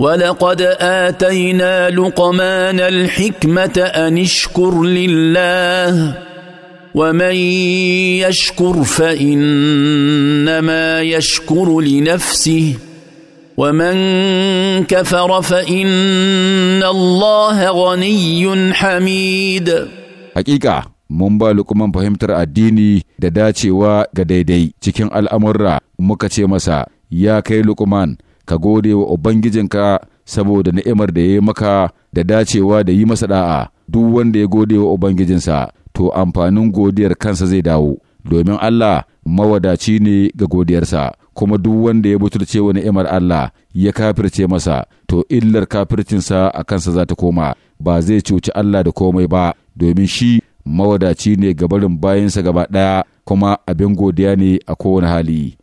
ولقد اتينا لقمان الحكمه ان اشكر لله ومن يشكر فانما يشكر لنفسه ومن كفر فان الله غني حميد حقيقه mun ba lukuman fahimtar addini da dacewa ga daidai cikin al'amurra muka ce masa ya kai lukuman ka gode wa Ubangijinka saboda ni'imar da ya yi maka da dacewa da yi masa da'a duk wanda ya gode wa Ubangijinsa to amfanin godiyar kansa zai dawo domin Allah mawadaci ne ga godiyarsa kuma duk wanda ya butulce wa ni'imar Allah ya kafirce masa to illar kafircinsa a kansa za ta koma ba zai cuci Allah da komai ba domin shi mawadaci ne ga barin bayansa gaba ɗaya kuma abin godiya ne a kowane hali.